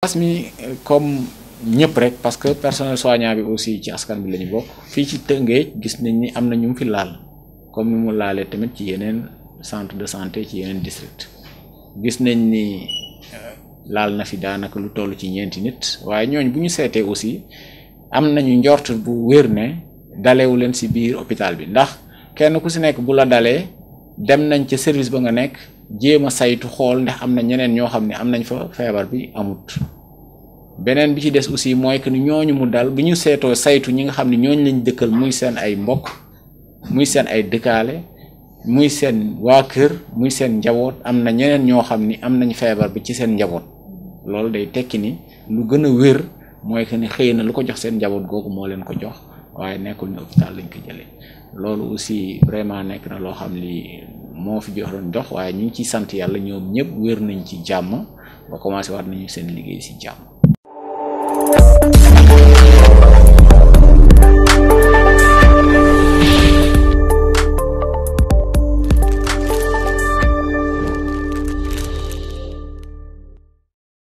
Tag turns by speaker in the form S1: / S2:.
S1: mbas mi comme ñëpp rek parce que personnel soignant bi aussi ci askan bi lañu bokk fii ci Tëngéej gis nañ ni am na ñu fi laal comme ni mu laalee tamit ci yeneen centre de santé ci yeneen district gis nañ ni euh, laal na fi daanaka lu toll ci ñeenti nit waaye ñooñ bu ñu seetee aussi am nañu njort bu wér ne dalewu leen si biir hôpital bi ndax kenn ku si nekk bu la dalee dem nañ ca service ba nga nekk jéem a saytu xool ndax am na ñeneen ñoo xam ne am nañ fa feebar bi amut beneen bi ci des aussi mooy que ni ñooñu mu dal bu ñu seetoo saytu ñi nga xam ne ñooñu lañ dëkkal muy seen ay mbokk muy seen ay dëkkaale muy seen waa kër muy seen njaboot am na ñeneen ñoo xam ni am nañ feebar bi ci seen njaboot loolu day tekki ni lu gën a wér mooy que ni xëy na lu ko jox seen njaboot googu moo leen ko jox waaye nekkul ni hôpital lañ ko loolu aussi vraiment nekk na moo fi jox doon dox waaye ñu ngi ciy sant yàlla ñoom ñëpp wér nañ ci jàmm ba commencé waat nañu seen liggéey si jàmm